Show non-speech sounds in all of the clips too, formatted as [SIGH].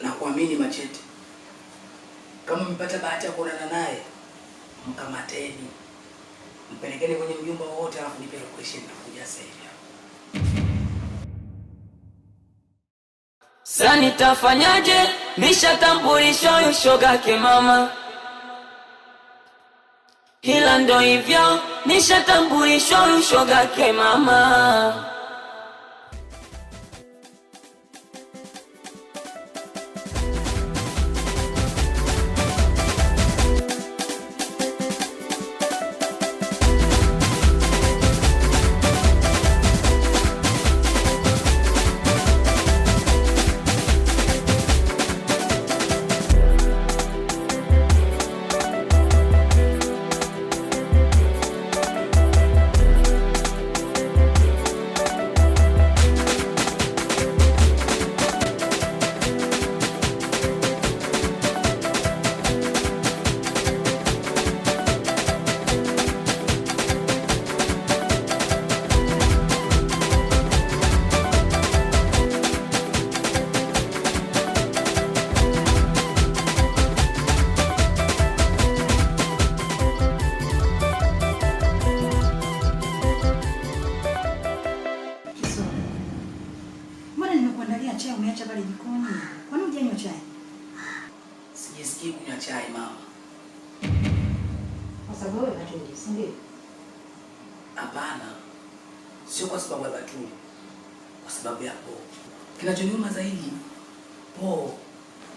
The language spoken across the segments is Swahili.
na kuamini Machete. Kama mmepata bahati ya kuonana naye, mkamateni, mpelekeni kwenye mjumba wowote, alafu nipe location na kuja sasa hivi. Sasa nitafanyaje? Nishatambulishwa ushogake mama, hila ndo hivyo, nishatambulishwa ushogake mama Kwa sababu wewe Batuli, si ndio? Hapana, sio kwa sababu ya Batuli, kwa sababu ya Po. Kinachoniuma zaidi Po,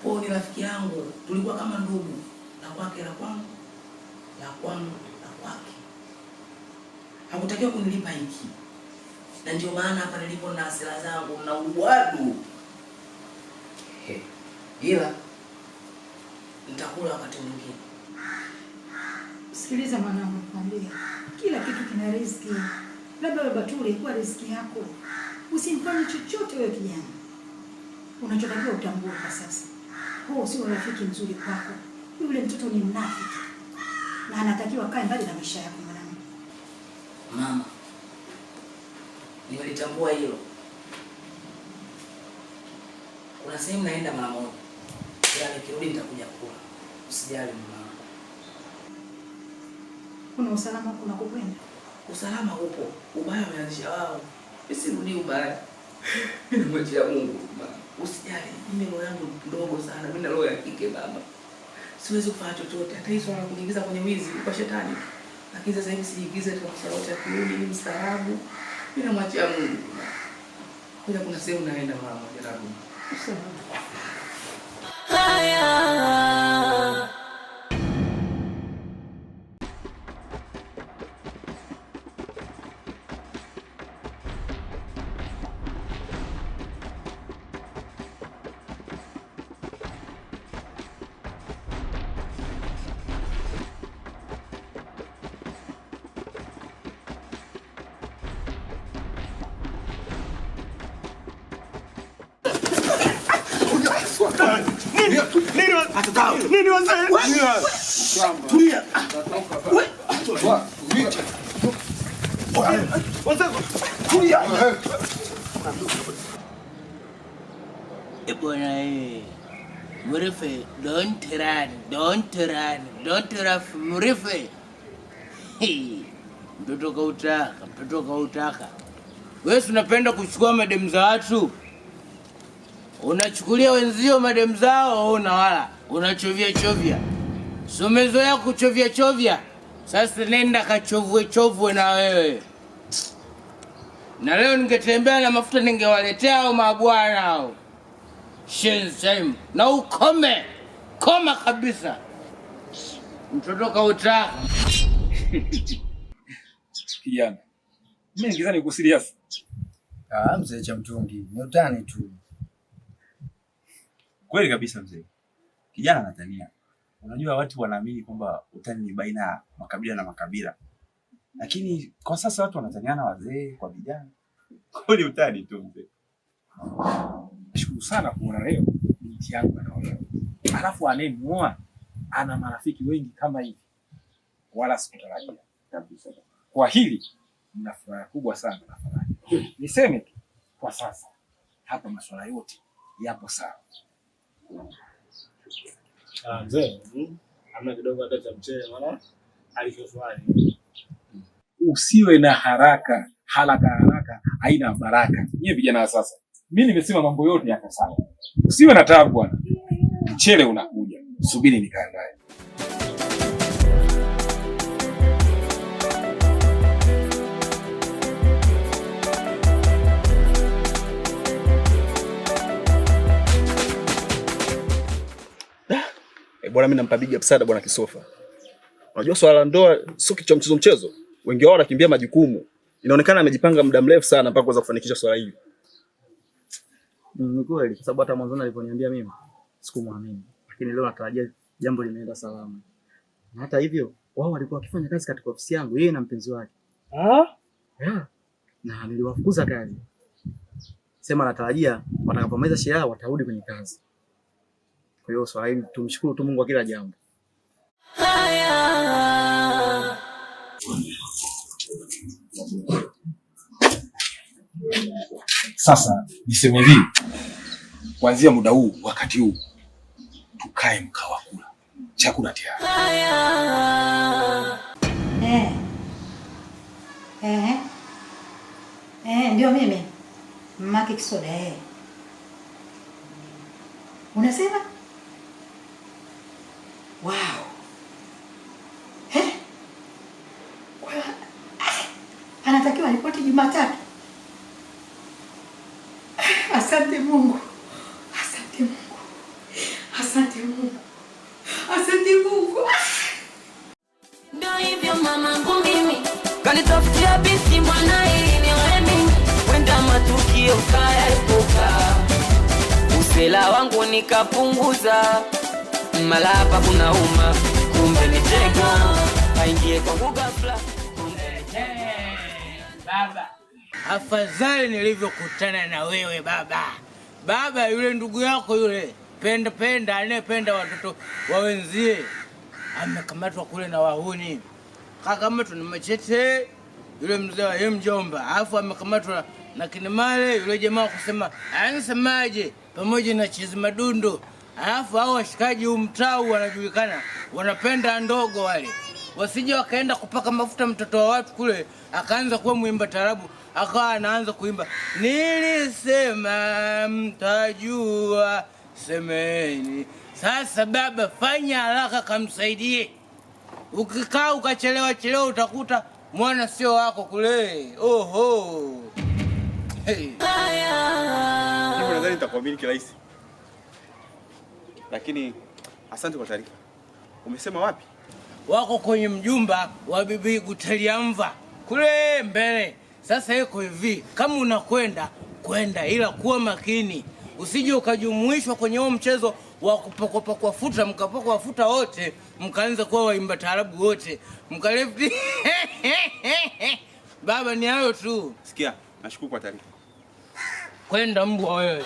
Po ni rafiki yangu, tulikuwa kama ndugu, la kwake la kwangu, la kwangu la kwake. Hakutakiwa kunilipa hiki, na ndio maana hapa nilipo na hasira zangu na uwadu hey. ila nitakula wakati mwingine. Sikiliza mwanangu, nikwambie kila kitu kina riziki. Labda baba tu ilikuwa riziki yako, usimfanye chochote. Wewe kijana, unachotakiwa utambue kwa sasa, huo sio rafiki mzuri kwako. Yule mtoto ni mnafiki na anatakiwa kae mbali na maisha yako. Mwanangu, mama, nimelitambua hilo. Kuna sehemu naenda mara moja ila yaani nikirudi nitakuja kula. Usijali mama. Kuna usalama kuna kukwenda? Usalama upo. Ubaya umeanzisha wao. Sisi ni ubaya. [LAUGHS] Mimi ya Mungu mama. Usijali. Mimi roho yangu ndogo sana. Mimi na roho ya kike baba. Siwezi kufanya chochote. Hata hizo na kuingiza kwenye wizi kwa shetani. Lakini sasa hivi sijiingize kwa sababu ya kiuni ni msalabu. Mimi namwachia Mungu. Kuna kuna sehemu naenda mama, jaribu. Usalama. Fuck! Ebwana eh, Murife, don't run, don't run, don't run, Murife. Hey, mtoto kautaka, mtoto kautaka. Wewe unapenda kuchukua madem za watu unachukulia wenzio mademu zao wala unachovya chovya. Si umezoea kuchovya chovya? Sasa nenda kachovwe chovwe na wewe. Na leo ningetembea na mafuta ningewaletea au mabwana au shenzem, na ukome koma kabisa, mtoto kauta kijana. Mimi nikizani kusiriasi Ah, mzee cha mtungi ni utani tu. Kweli kabisa mzee. Kijana anatania. Unajua watu wanaamini kwamba utani ni baina ya makabila na makabila, lakini kwa sasa watu wanataniana, wazee kwa vijana. Kweli utani tu mzee. Nashukuru sana kuona leo binti yangu anaona. alafu anemuoa ana marafiki wengi kama hivi, wala sikutarajia kabisa. Kwa hili nina furaha kubwa sana na furaha. Niseme tu kwa sasa hapa masuala yote yapo sawa. Ah, hmm? Usiwe na haraka, haraka haraka haina baraka. Nyie vijana wa sasa, mimi nimesema mambo yote yako sawa. Usiwe na tabu bwana, mchele unakuja, subiri nikaandae. E, bwana mimi nampa big up sana bwana Kisofa. Unajua swala la ndoa sio kitu mchezo mchezo. Wengi wao wanakimbia majukumu. Inaonekana amejipanga muda mrefu sana mpaka kuweza kufanikisha swala hili. Ni mm, kweli kwa sababu hata mwanzo aliponiambia mimi sikumwamini. Lakini leo natarajia jambo limeenda salama. Na hata hivyo wao walikuwa wakifanya kazi katika ofisi yangu yeye na mpenzi wake. Ah? Yeah. Na niliwafukuza kazi. Sema natarajia watakapomaliza sherehe watarudi kwenye kazi. Kwa hiyo swala tumshukuru tu Mungu kwa kila jambo. Haya. Sasa niseme hivi, kuanzia muda huu, wakati huu, tukae mkawa kula chakula tayari. Eh. Eh. Eh, ndio mimi Mmake Kisoda. Eh. Unasema wow ah, anatakiwa ripoti Jumatatu. Ah, asante Mungu, asante Mungu, asante Mungu, asante Mungu. Ah. Ndio hivyo mamangu, mimi kanitafutia binti mwana ili niwe mimi, wenda matukio kaya epuka, usela wangu nikapunguza malapa kuna uma, kumbe ni aingie kwa ghafla, baba. Afadhali nilivyokutana na wewe baba. Baba yule ndugu yako yule penda penda anayependa watoto wawenzie amekamatwa kule na wahuni, kakamatwa na Machete yule mzee wa mjomba, alafu amekamatwa na kinemale yule jamaa kusema anasemaje, pamoja na Chizi Madundo Alafu hao washikaji umtau wanajulikana, wanapenda ndogo wale, wasije wakaenda kupaka mafuta mtoto wa watu kule, akaanza kuwa mwimba tarabu, akawa anaanza kuimba nilisema mtajua, semeni. Sasa baba, fanya haraka, kamsaidie. Ukikaa ukachelewa chelewa, utakuta mwana sio wako kule. Oho, hey. Nitakuamini kirahisi lakini asante kwa taarifa. Umesema wapi? Wako kwenye mjumba wa bibi gutaliamva kule mbele. Sasa iko hivi, kama unakwenda kwenda, ila kuwa makini, usije ukajumuishwa kwenye huo mchezo wa kupakwa futa, mkapakwa futa wote, mkaanza kuwa waimba taarabu wote, mkalefti [LAUGHS] Baba, ni hayo tu. Sikia, nashukuru kwa taarifa. Kwenda mbwa wewe.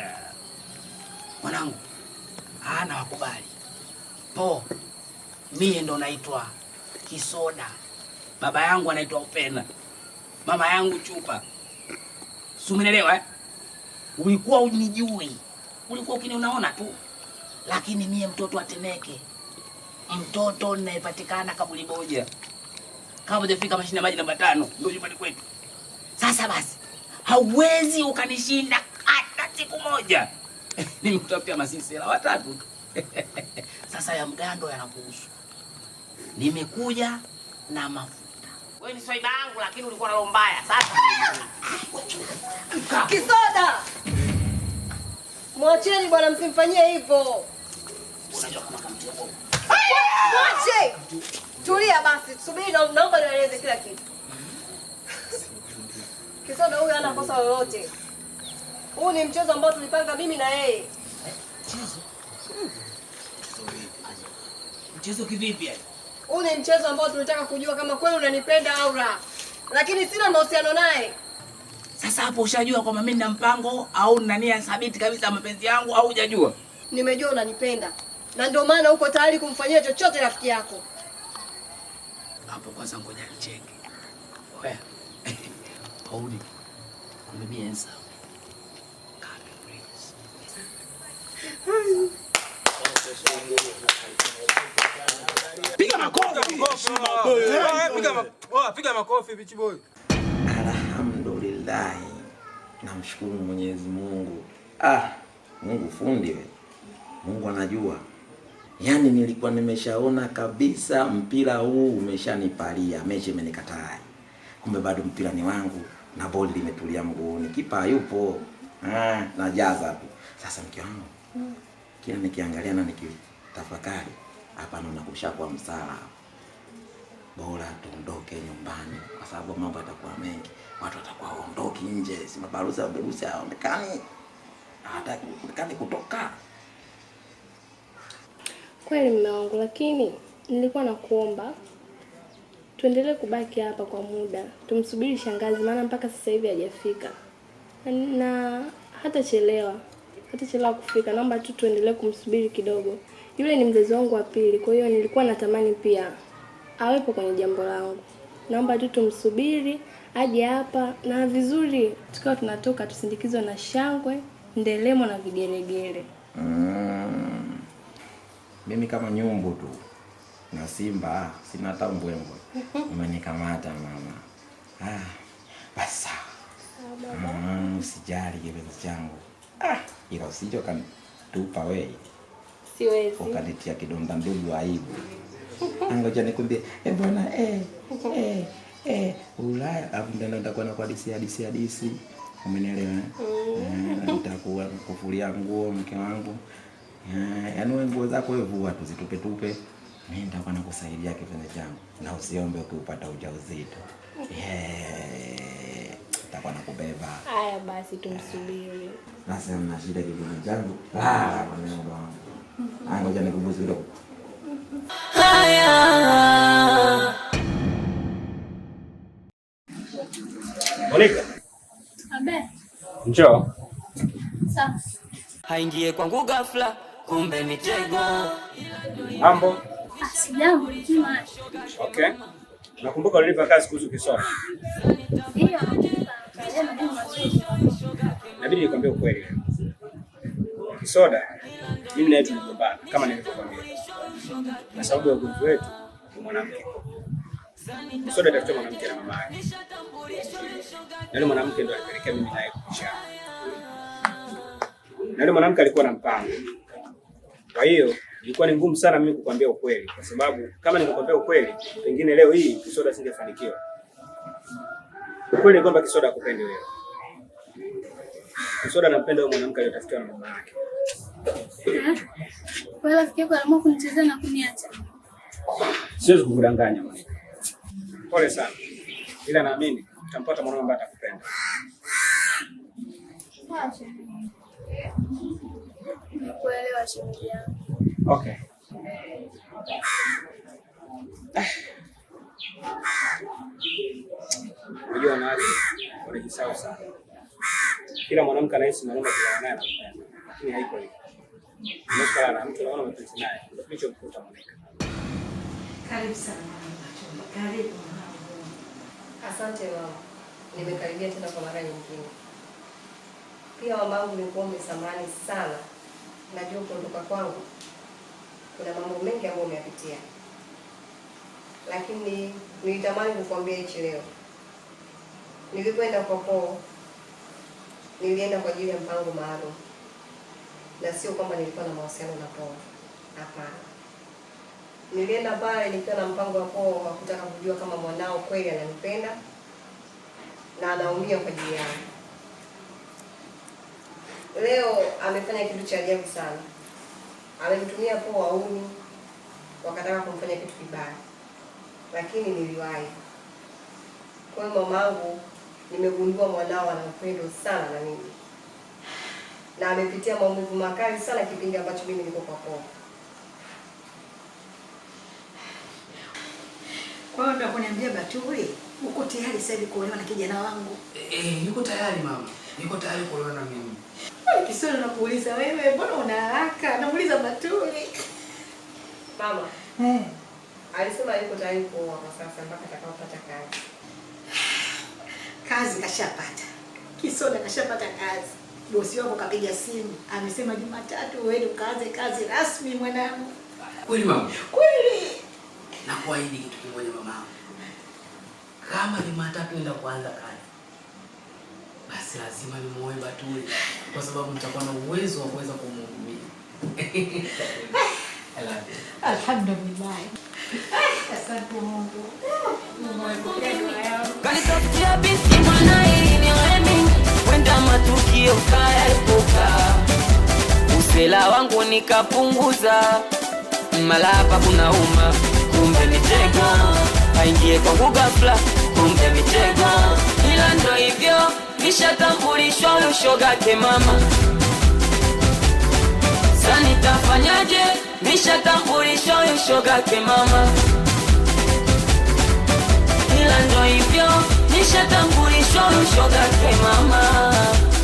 hapo, mie ndo naitwa Kisoda, baba yangu anaitwa Upena, mama yangu Chupa. Si umenielewa eh? Ulikuwa unijui, ulikuwa ukini unaona tu, lakini mie mtoto atemeke, mtoto ninayepatikana kabuli moja kama hujafika mashine ya maji namba tano, ndio nyumbani kwetu. Sasa basi, hauwezi ukanishinda hata siku moja. [LAUGHS] Nimekutafutia la watatu tu [LAUGHS] Sasa ya mgando yanakuhusu. Nimekuja na mafuta. Wewe ni soda yangu lakini ulikuwa na roho mbaya. Sasa kisoda. Mwacheni bwana, msimfanyie hivyo. Mwache. Tulia basi, subiri naomba nieleze kila kitu. [LAUGHS] Kisoda huyu hana kosa lolote. Huu ni mchezo ambao tulipanga mimi na yeye. Eh, mchezo. Mchezo kivipi yani? Huu ni mchezo ambao tunataka kujua kama kweli unanipenda au la. Lakini sina mahusiano naye. Sasa hapo ushajua kwamba mimi nina mpango au nina nia thabiti kabisa mapenzi yangu au hujajua? Nimejua unanipenda. Na ndio maana uko tayari kumfanyia chochote rafiki yako. Hapo kwanza ngoja nicheke. Wewe. [LAUGHS] Pauli. nsa. Kaka Prince. Piga makofi. Piga makofi bichi oh, boy. Alhamdulillah. Namshukuru Mwenyezi Mungu. Ah, Mungu fundi wewe. Mungu anajua. Yaani nilikuwa nimeshaona kabisa mpira huu umeshanipalia, mechi imenikataa. Kumbe bado mpira ni wangu na boli limetulia mguuni. Kipa yupo. Ah, najaza tu. Sasa mke wangu. Kila nikiangalia na nikitafakari hapana, unakushakuwa msala, bora tuondoke nyumbani, kwa sababu mambo yatakuwa mengi, watu watakuwa waondoki nje, si mabarusa waberusi hawaonekani, hawataki kutoka. Kweli mme wangu, lakini nilikuwa nakuomba tuendelee kubaki hapa kwa muda, tumsubiri shangazi, maana mpaka sasa hivi hajafika na hatachelewa, hatachelewa kufika. Naomba tu tuendelee kumsubiri kidogo yule ni mzazi wangu wa pili, kwa hiyo nilikuwa natamani pia awepo kwenye jambo langu. Naomba tu tumsubiri aje hapa na vizuri, tukiwa tunatoka tusindikizwe na shangwe, ndelemo na vigelegele. Mm. Mimi kama nyumbu tu na simba sina hata mbwembwe. [LAUGHS] Umenikamata mama. Ah, basa sawa. Mm, usijali kipenzi changu, ah, ila usije ukanitupa wewe siwezi. Ukaletia kidonda mbili mbegu aibu. Ah, ngoja nikwambie, eh bwana, eh eh eh, Ulaya afu ndio nitakuwa na hadithi hadithi hadithi. Umenielewa? Eh, mm. eh nitakuwa kufulia nguo mke wangu. Eh, yaani wewe nguo zako wewe vua tu zitupe tupe. Mimi nitakuwa nakusaidia kipenzi changu na usiombe ukiupata ujauzito. Yeah. Nitakuwa nakubeba. Haya basi tumsubiri. Basi eh, mna shida kipenzi changu. Ah, mwanangu. Ah, ngoja nikuguze kidogo. Haya. Monica. Abe. Njoo. Sasa. Haingie kwangu ghafla, kumbe mitego. Mambo. Ah, sijambo mzima. Okay. Nakumbuka ulinipa kazi kuhusu kisomo. Ndio. Nabidi nikwambie ukweli. Kisoda, mimi naye tunagombana kama nilivyokuambia, na sababu ya ugomvi wetu ni mwanamke. Kisoda tafuta mwanamke na mama yake, na yule mwanamke ndo alipelekea mimi naye kucha, na yule mwanamke alikuwa na mpango. Kwa hiyo ilikuwa ni ngumu sana mimi kukwambia ukweli, kwa sababu kama ningekwambia ukweli, pengine leo hii Kisoda singefanikiwa. Ukweli ni kwamba Kisoda akupendi wewe. Kisoda anampenda huyo mwanamke aliyotafutiwa na mama yake. Kwa rafiki yako aliamua kunichezea na kuniacha. Siwezi kukudanganya Pole sana. Ila naamini utampata mwanaume ambaye atakupenda. Kuelewa Okay. Unajua wanawake wanajisahau sana. Kila mwanamke anahisi mwanaume anaye anapenda. Lakini haiko hivyo. Karibu sana. Karibu. Asante mama, nimekaribia tena kwa mara nyingine. Pia mamangu, nilikuwa umesamani sana. Najua kuondoka kwangu kuna mambo mengi ambayo umeyapitia, lakini nilitamani kukuambia hichi leo. Nilipoenda kwa koo, nilienda kwa ajili ya mpango maalum na sio kwamba nilikuwa na mahusiano na Paul, hapana. Nilienda pale nikiwa na mpango wa Paul wa kutaka kujua kama mwanao kweli ananipenda na anaumia kwa ajili yangu. Leo amefanya kitu cha ajabu sana, amemtumia Paul wauni wakataka kumfanya kitu kibaya, lakini niliwahi. Kwa hiyo mamangu, nimegundua mwanao ana sana na mimi na amepitia maumivu makali sana kipindi ambacho mimi niko kwa poa. Kwa hiyo ndio kuniambia Batuli, uko tayari sasa hivi kuolewa na kijana wangu? Eh, e, eh, yuko tayari mama. Niko tayari kuolewa na mimi. Kisoro nakuuliza wewe, mbona una haraka? Namuuliza Batuli. Mama. Eh. Hmm. Alisema yuko tayari kuoa kwa sasa mpaka atakapopata kazi. [SIGHS] Kazi kashapata. Kisoro kashapata kazi bosi wako kapiga simu amesema, Jumatatu wewe ukaanze kazi rasmi mwanangu. Kweli mama, kweli. Na kuahidi kitu kimoja mama, kama Jumatatu nenda kuanza kazi, basi lazima nimuoe Batuli kwa sababu nitakuwa na uwezo wa kuweza kumhudumia. [LAUGHS] Alhamdulillah, asante Mungu. hiyo kayaepuka, usela wangu nikapunguza, malapa kuna uma kumbe mitego aingie kwa ghafla, kumbe mitego, ila ndo hivyo nishatambulishwa huyo shogake mama. Sasa nitafanyaje? Nishatambulishwa huyo shogake mama, ila ndo hivyo nishatambulishwa huyo shogake mama.